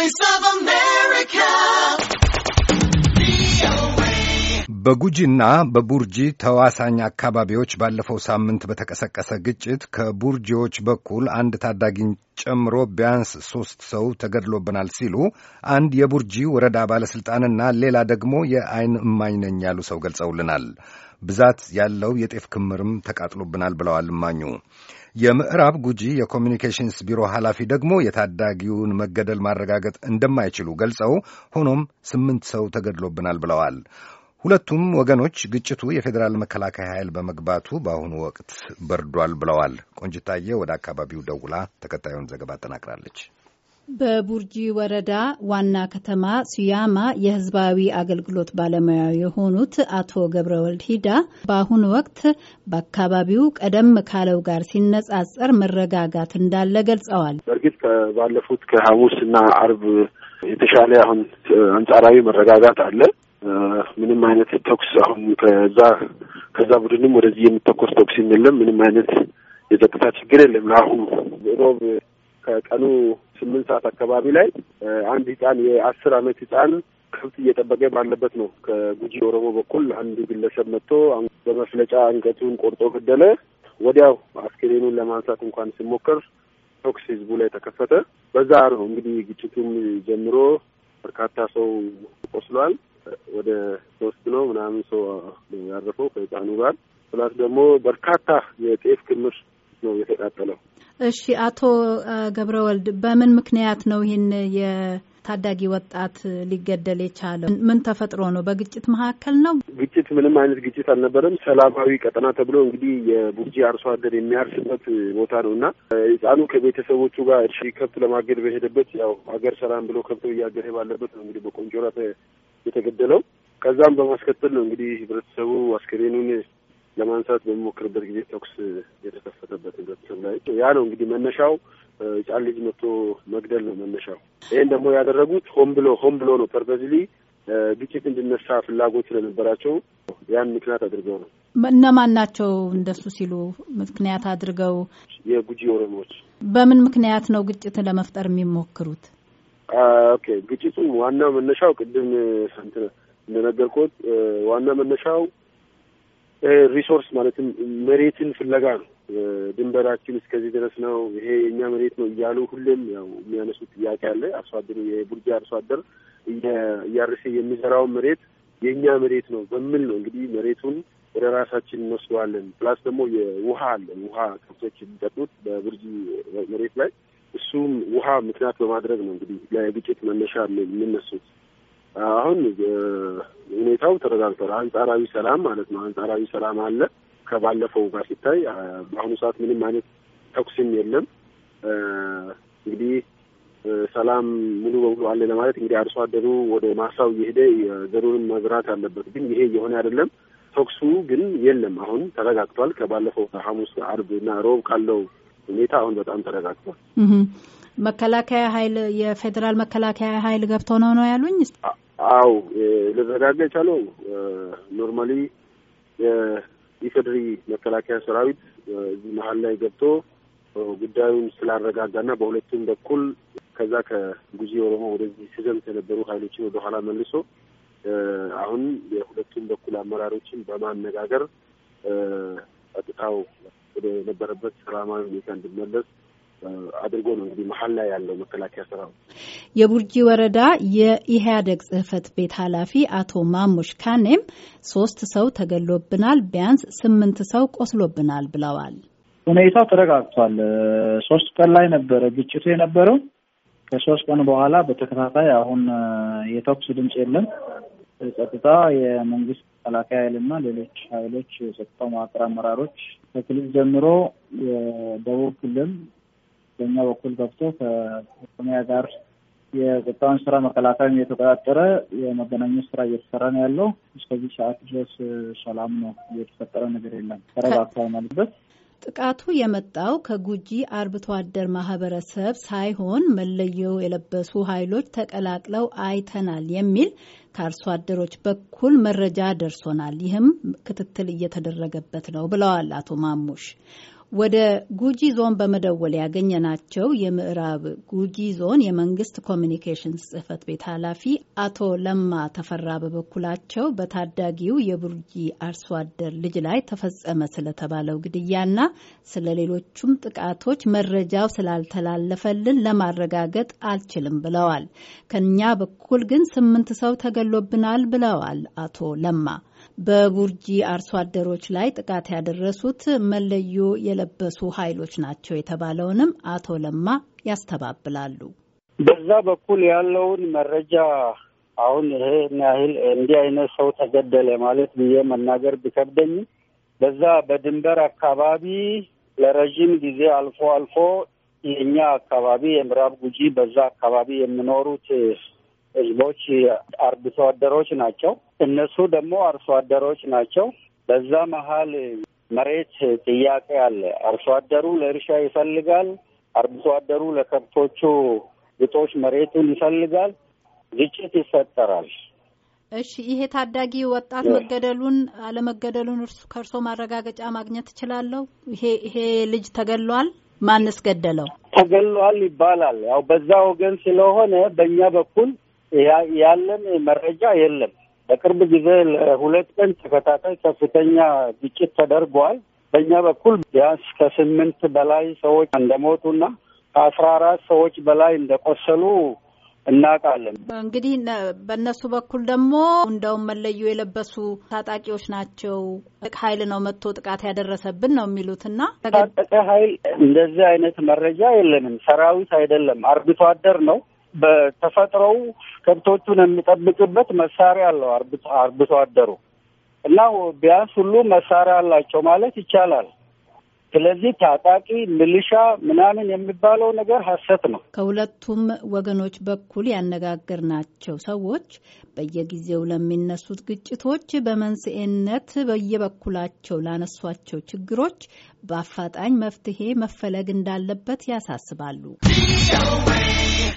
Voice of America. በጉጂና በቡርጂ ተዋሳኝ አካባቢዎች ባለፈው ሳምንት በተቀሰቀሰ ግጭት ከቡርጂዎች በኩል አንድ ታዳጊን ጨምሮ ቢያንስ ሦስት ሰው ተገድሎብናል ሲሉ አንድ የቡርጂ ወረዳ ባለሥልጣንና ሌላ ደግሞ የአይን እማኝ ነኝ ያሉ ሰው ገልጸውልናል። ብዛት ያለው የጤፍ ክምርም ተቃጥሎብናል ብለዋል እማኙ። የምዕራብ ጉጂ የኮሚኒኬሽንስ ቢሮ ኃላፊ ደግሞ የታዳጊውን መገደል ማረጋገጥ እንደማይችሉ ገልጸው ሆኖም ስምንት ሰው ተገድሎብናል ብለዋል። ሁለቱም ወገኖች ግጭቱ የፌዴራል መከላከያ ኃይል በመግባቱ በአሁኑ ወቅት በርዷል ብለዋል። ቆንጅታዬ ወደ አካባቢው ደውላ ተከታዩን ዘገባ አጠናቅራለች። በቡርጂ ወረዳ ዋና ከተማ ሱያማ የሕዝባዊ አገልግሎት ባለሙያ የሆኑት አቶ ገብረ ወልድ ሂዳ በአሁኑ ወቅት በአካባቢው ቀደም ካለው ጋር ሲነጻጸር መረጋጋት እንዳለ ገልጸዋል። በእርግጥ ባለፉት ከሐሙስ እና አርብ የተሻለ አሁን አንጻራዊ መረጋጋት አለ። ምንም አይነት ተኩስ አሁን ከዛ ከዛ ቡድንም ወደዚህ የሚተኮስ ተኩስ የለም። ምንም አይነት የጸጥታ ችግር የለም። ለአሁኑ ሮብ ከቀኑ ስምንት ሰዓት አካባቢ ላይ አንድ ህፃን የአስር አመት ህፃን ከብት እየጠበቀ ባለበት ነው ከጉጂ ኦሮሞ በኩል አንድ ግለሰብ መጥቶ በመፍለጫ አንገቱን ቆርጦ ገደለ። ወዲያው አስክሬኑን ለማንሳት እንኳን ሲሞከር ቶክስ ህዝቡ ላይ ተከፈተ። በዛ ነው እንግዲህ ግጭቱም ጀምሮ በርካታ ሰው ቆስሏል። ወደ ሶስት ነው ምናምን ሰው ያረፈው ከህፃኑ ጋር። ፕላስ ደግሞ በርካታ የጤፍ ክምር ነው የተቃጠለው። እሺ፣ አቶ ገብረ ወልድ በምን ምክንያት ነው ይህን የታዳጊ ወጣት ሊገደል የቻለው ምን ተፈጥሮ ነው? በግጭት መካከል ነው? ግጭት ምንም አይነት ግጭት አልነበረም። ሰላማዊ ቀጠና ተብሎ እንግዲህ የቡርጂ አርሶ አደር የሚያርስበት ቦታ ነው እና ህፃኑ ከቤተሰቦቹ ጋር እሺ ከብት ለማገድ በሄደበት ያው ሀገር ሰላም ብሎ ከብቶ እያገደ ባለበት ነው እንግዲህ በቆንጆራ የተገደለው። ከዛም በማስከተል ነው እንግዲህ ህብረተሰቡ አስከሬኑን ለማንሳት በሚሞክርበት ጊዜ ተኩስ የተከፈተበት ህብረተሰብ ላይ ያ ነው እንግዲህ መነሻው። ህጻን ልጅ መጥቶ መግደል ነው መነሻው። ይህን ደግሞ ያደረጉት ሆን ብሎ ሆን ብሎ ነው ፐርፐዝሊ ግጭት እንዲነሳ ፍላጎት ስለነበራቸው ያን ምክንያት አድርገው ነው። እነማን ናቸው እንደሱ ሲሉ ምክንያት አድርገው? የጉጂ ኦሮሞዎች። በምን ምክንያት ነው ግጭት ለመፍጠር የሚሞክሩት? ኦኬ ግጭቱም ዋና መነሻው ቅድም እንደነገርኩት ዋና መነሻው ሪሶርስ ማለትም መሬትን ፍለጋ ነው። ድንበራችን እስከዚህ ድረስ ነው፣ ይሄ የእኛ መሬት ነው እያሉ ሁሌም ያው የሚያነሱት ጥያቄ አለ። አርሶ አደሩ የቡርጂ አርሶ አደር እያርሴ የሚዘራውን መሬት የእኛ መሬት ነው በሚል ነው እንግዲህ መሬቱን ወደ ራሳችን እንወስደዋለን። ፕላስ ደግሞ የውሃ አለ። ውሃ ከብቶች የሚጠጡት በቡርጂ መሬት ላይ እሱም ውሃ ምክንያት በማድረግ ነው እንግዲህ ለግጭት መነሻ የሚነሱት አሁን ሁኔታው ተረጋግቷል። አንጻራዊ ሰላም ማለት ነው። አንጻራዊ ሰላም አለ ከባለፈው ጋር ሲታይ በአሁኑ ሰዓት ምንም አይነት ተኩስም የለም። እንግዲህ ሰላም ሙሉ በሙሉ አለ ለማለት እንግዲህ አርሶ አደሩ ወደ ማሳው እየሄደ ዘሩንም መዝራት አለበት። ግን ይሄ የሆነ አይደለም። ተኩሱ ግን የለም። አሁን ተረጋግቷል። ከባለፈው ሐሙስ፣ አርብ እና ሮብ ካለው ሁኔታ አሁን በጣም ተረጋግቷል። መከላከያ ኃይል የፌዴራል መከላከያ ኃይል ገብቶ ነው ነው ያሉኝ። አው ልረጋጋ የቻለው ኖርማሊ የኢፌድሪ መከላከያ ሰራዊት እዚህ መሀል ላይ ገብቶ ጉዳዩን ስላረጋጋና በሁለቱም በኩል ከዛ ከጉጂ ኦሮሞ ወደዚህ ሲዘምት የነበሩ ኃይሎችን ወደኋላ መልሶ አሁን የሁለቱም በኩል አመራሮችን በማነጋገር ጸጥታው ወደ ነበረበት ሰላማዊ ሁኔታ እንድመለስ አድርጎ ነው እንግዲህ መሀል ላይ ያለው መከላከያ ሰራዊት። የቡርጂ ወረዳ የኢህአደግ ጽህፈት ቤት ኃላፊ አቶ ማሙሽ ካኔም ሶስት ሰው ተገሎብናል፣ ቢያንስ ስምንት ሰው ቆስሎብናል ብለዋል። ሁኔታው ተረጋግቷል። ሶስት ቀን ላይ ነበረ ግጭቱ የነበረው። ከሶስት ቀን በኋላ በተከታታይ አሁን የተኩስ ድምፅ የለም። ጸጥታ የመንግስት መከላከያ ኃይልና ሌሎች ኃይሎች የጸጥታው መዋቅር አመራሮች ከክልል ጀምሮ የደቡብ ክልል በእኛ በኩል ገብቶ ከኦሮሚያ ጋር የቁጣውን ስራ መከላከል የተቆጣጠረ የመገናኘት ስራ እየተሰራ ነው ያለው። እስከዚህ ሰዓት ድረስ ሰላም ነው፣ እየተፈጠረ ነገር የለም። ተረጋግቷል ማለበት ጥቃቱ የመጣው ከጉጂ አርብቶ አደር ማህበረሰብ ሳይሆን መለየው የለበሱ ኃይሎች ተቀላቅለው አይተናል የሚል ከአርሶ አደሮች በኩል መረጃ ደርሶናል። ይህም ክትትል እየተደረገበት ነው ብለዋል አቶ ማሙሽ። ወደ ጉጂ ዞን በመደወል ያገኘናቸው የምዕራብ ጉጂ ዞን የመንግስት ኮሚኒኬሽንስ ጽህፈት ቤት ኃላፊ አቶ ለማ ተፈራ በበኩላቸው በታዳጊው የቡርጂ አርሶ አደር ልጅ ላይ ተፈጸመ ስለተባለው ግድያና ስለ ሌሎቹም ጥቃቶች መረጃው ስላልተላለፈልን ለማረጋገጥ አልችልም ብለዋል። ከኛ በኩል ግን ስምንት ሰው ተገሎብናል ብለዋል አቶ ለማ በቡርጂ አርሶ አደሮች ላይ ጥቃት ያደረሱት መለዮ የለበሱ ኃይሎች ናቸው የተባለውንም አቶ ለማ ያስተባብላሉ። በዛ በኩል ያለውን መረጃ አሁን ይሄን ያህል እንዲህ አይነት ሰው ተገደለ ማለት ብዬ መናገር ቢከብደኝም በዛ በድንበር አካባቢ ለረዥም ጊዜ አልፎ አልፎ የእኛ አካባቢ የምዕራብ ጉጂ በዛ አካባቢ የሚኖሩት ህዝቦች አርብቶ አደሮች ናቸው። እነሱ ደግሞ አርሶ አደሮች ናቸው። በዛ መሀል መሬት ጥያቄ አለ። አርሶ አደሩ ለእርሻ ይፈልጋል። አርብቶ አደሩ ለከብቶቹ ግጦሽ መሬቱን ይፈልጋል። ግጭት ይፈጠራል። እሺ፣ ይሄ ታዳጊ ወጣት መገደሉን አለመገደሉን እርሱ ከእርሶ ማረጋገጫ ማግኘት እችላለሁ? ይሄ ይሄ ልጅ ተገሏል? ማንስ ገደለው? ተገሏል ይባላል። ያው በዛ ወገን ስለሆነ በእኛ በኩል ያለን መረጃ የለም። በቅርብ ጊዜ ለሁለት ቀን ተከታታይ ከፍተኛ ግጭት ተደርጓል። በእኛ በኩል ቢያንስ ከስምንት በላይ ሰዎች እንደሞቱና ከአስራ አራት ሰዎች በላይ እንደቆሰሉ እናውቃለን። እንግዲህ በእነሱ በኩል ደግሞ እንደውም መለዩ የለበሱ ታጣቂዎች ናቸው ኃይል ነው መጥቶ ጥቃት ያደረሰብን ነው የሚሉት እና ታጠቀ ኃይል እንደዚህ አይነት መረጃ የለንም። ሰራዊት አይደለም፣ አርብቶ አደር ነው በተፈጥሮው ከብቶቹን የሚጠብቅበት መሳሪያ አለው አርብቶ አደሩ እና ቢያንስ ሁሉ መሳሪያ አላቸው ማለት ይቻላል። ስለዚህ ታጣቂ ሚሊሻ ምናምን የሚባለው ነገር ሀሰት ነው። ከሁለቱም ወገኖች በኩል ያነጋገርናቸው ሰዎች በየጊዜው ለሚነሱት ግጭቶች በመንስኤነት በየበኩላቸው ላነሷቸው ችግሮች በአፋጣኝ መፍትሄ መፈለግ እንዳለበት ያሳስባሉ።